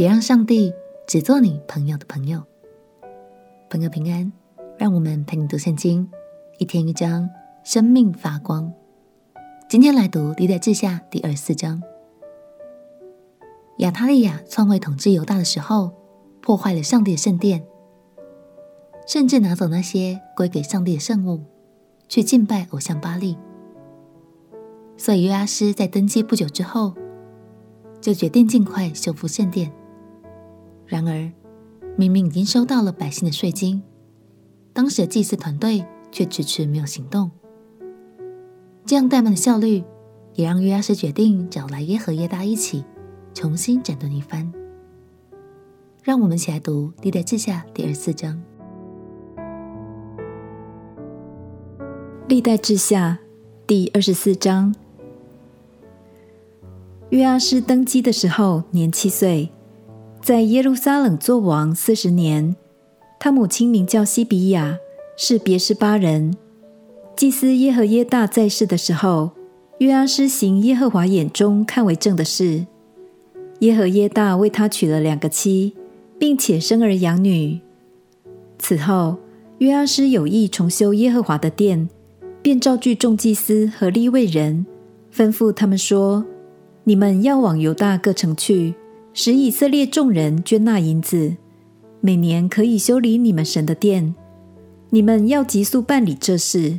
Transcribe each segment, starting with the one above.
別讓上帝只做你朋友的朋友，朋友平安。讓我們陪你讀聖經，一天一章，生命發光。今天來讀歷代志下第二四章。亞塔利亞篡位統治猶大的時候，破壞了上帝的聖殿，甚至拿走那些歸給上帝的聖物，去敬拜偶像巴力。所以約阿施在登基不久之後，就決定盡快修復聖殿。然而，明明已經收到了百姓的稅金，當時的祭祀團隊卻遲遲沒有行動。這樣怠慢的效率，也讓約阿施決定找來耶何耶大一起重新整頓一番。讓我們一起來讀《歷代志下》第二十四章。《歷代志下》第二十四章，約阿施登基的時候年七歲。在耶路撒冷作王四十年，他母親名叫西比亞，是別是巴人。祭司耶何耶大在世的時候，約阿施行耶和華眼中看為正的事。耶何耶大為他娶了兩個妻，並且生兒養女。此後，約阿施有意重修耶和華的殿，便召聚眾祭司和利未人，吩咐他們說：“你們要往猶大各城去。”使以色列眾人捐納銀子，每年可以修理你們神的殿。你們要急速辦理這事，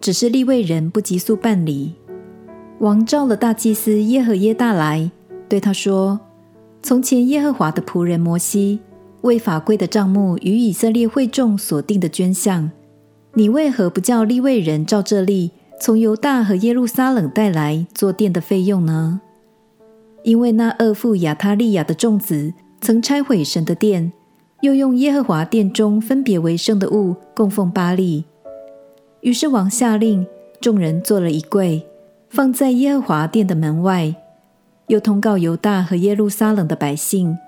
只是利未人不急速辦理。王召了大祭司耶何耶大來，對他說：“從前耶和華的僕人摩西為法櫃的帳幕與以色列會眾所定的捐項，你為何不叫利未人照這例，從猶大和耶路撒冷帶來做殿的費用呢？”因為那惡婦亞他利雅的眾子曾拆毀神的殿，又用耶和華殿中分別為聖的物供奉巴力。於是王下令眾人做了一櫃，放在耶和華殿的門外，又通告猶大和耶路撒冷的百姓，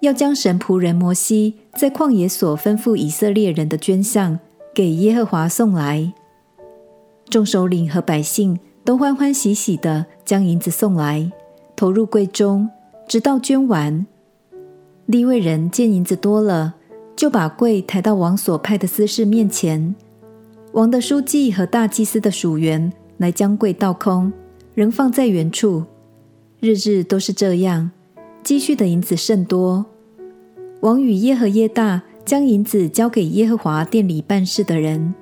要將神僕人摩西在曠野所吩咐以色列人的捐項給耶和華送來。眾首領和百姓都歡歡喜喜的將銀子送來。投入櫃中，直到捐完。利未人見銀子多了，就把櫃抬到王所派的司事面前。王的書記和大祭司的屬員來將櫃倒空，仍放在原處。日日都是這樣，積蓄的銀子甚多。王與耶何耶大將銀子交給耶和華殿裡辦事的人，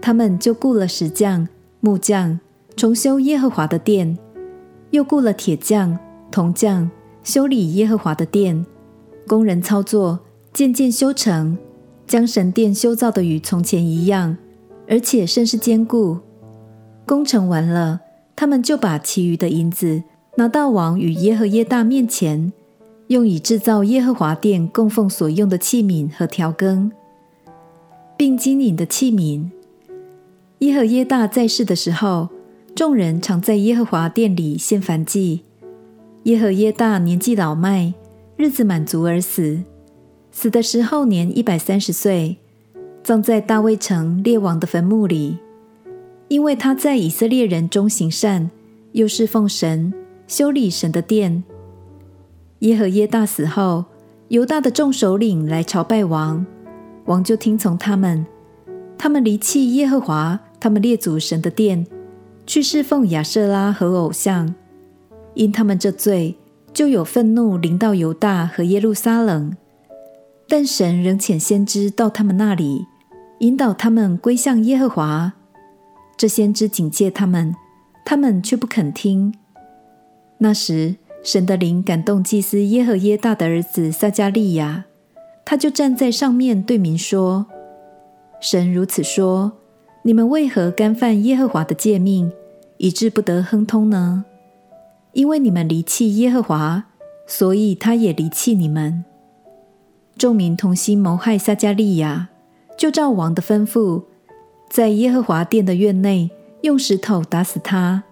他們就僱了石匠、木匠，重修耶和華的殿。又僱了鐵匠、銅匠修理耶和華的殿，工人操作，漸漸修成，將神殿修造得與從前一樣，而且甚是堅固。工程完了，他們就把其餘的銀子拿到王與耶和耶大面前，用以制造耶和華殿供奉所用的器皿和調羹，並金銀的器皿。耶和耶大在世的時候。眾人常在耶和華殿裡獻燔祭。耶何耶大年紀老邁，日子滿足而死，死的時候年一百三十歲，葬在大衛城列王的墳墓裡，因為他在以色列人中行善，又事奉神，修理神的殿。耶何耶大死後，猶大的眾首領來朝拜王，王就聽從他們，他們離棄耶和華，他們列祖神的殿。去侍奉亞舍拉和偶像，因他們這罪，就有憤怒臨到猶大和耶路撒冷。但神仍遣先知到他們那裡，引導他們歸向耶和華。這先知警戒他們，他們卻不肯聽。那時，神的靈感動祭司耶何耶大的兒子撒迦利亞，他就站在上面對民說：“神如此說。”你們為何干犯耶和華的誡命，以致不得亨通呢？因為你們離棄耶和華，所以他也離棄你們。眾民同心謀害撒迦利亞，就照王的吩咐，在耶和華殿的院內用石頭打死他。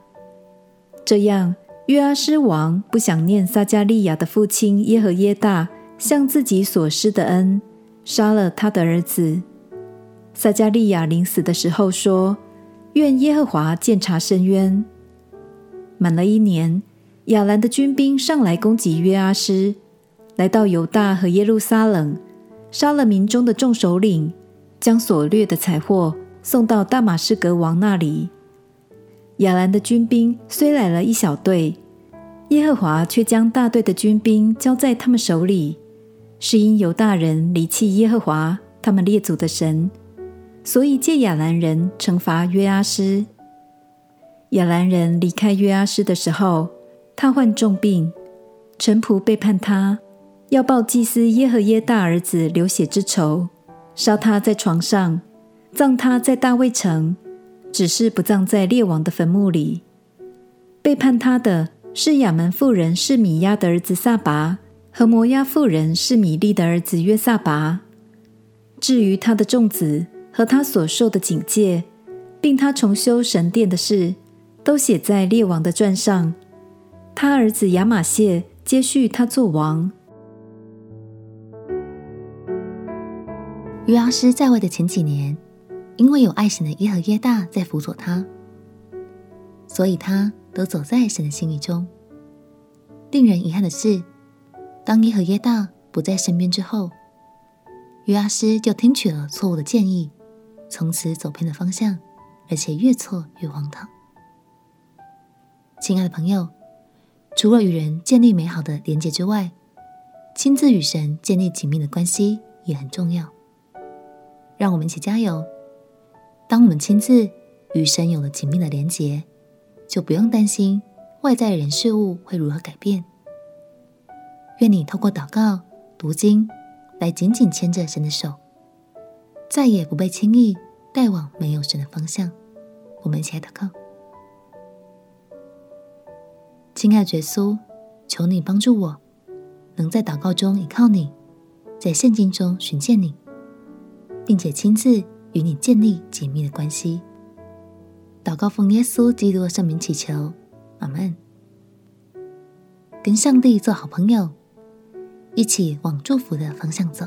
這樣，約阿施王不想念撒迦利亞的父親耶何耶大向自己所施的恩，殺了他的兒子。撒迦利亞臨死的時候說：“願耶和華鑒察伸冤。”滿了一年，亞蘭的軍兵上來攻擊約阿施，來到猶大和耶路撒冷，殺了民中的眾首領，將所掠的財貨送到大馬士革王那裡。亞蘭的軍兵雖來了一小隊，耶和華卻將大隊的軍兵交在他們手裡，是因猶大人離棄耶和華他們列祖的神。所以借亞蘭人懲罰約阿施。亞蘭人離開約阿施的時候，他患重病，臣僕背叛他，要報祭司耶何耶大兒子流血之仇，殺他在床上，葬他在大衛城，只是不葬在列王的墳墓裡。背叛他的是亞捫婦人示米押的兒子撒拔和摩押婦人示米利的兒子約薩拔。至於他的眾子。和他所受的警戒，並他重修神殿的事，都寫在列王的傳上。他兒子亞瑪謝接續他做王。約阿施在位的前幾年，因為有愛神的耶和耶大在輔佐他，所以他都走在神的心意中。令人遺憾的是，當耶和耶大不在身邊之後，約阿施就聽取了錯誤的建議。從此走偏了方向，而且越錯越荒唐。親愛的朋友，除了與人建立美好的連結之外，親自與神建立緊密的關係也很重要。讓我們一起加油！當我們親自與神有了緊密的連結，就不用擔心外在的人事物會如何改變。願你透過禱告、讀經，來緊緊牽着神的手。再也不被輕易帶往沒有神的方向。我們一起來禱告：親愛的耶穌，求你幫助我，能在禱告中依靠你，在聖經中尋見你，並且親自與你建立緊密的關係。禱告奉耶穌基督的聖名祈求，阿門。跟上帝做好朋友，一起往祝福的方向走。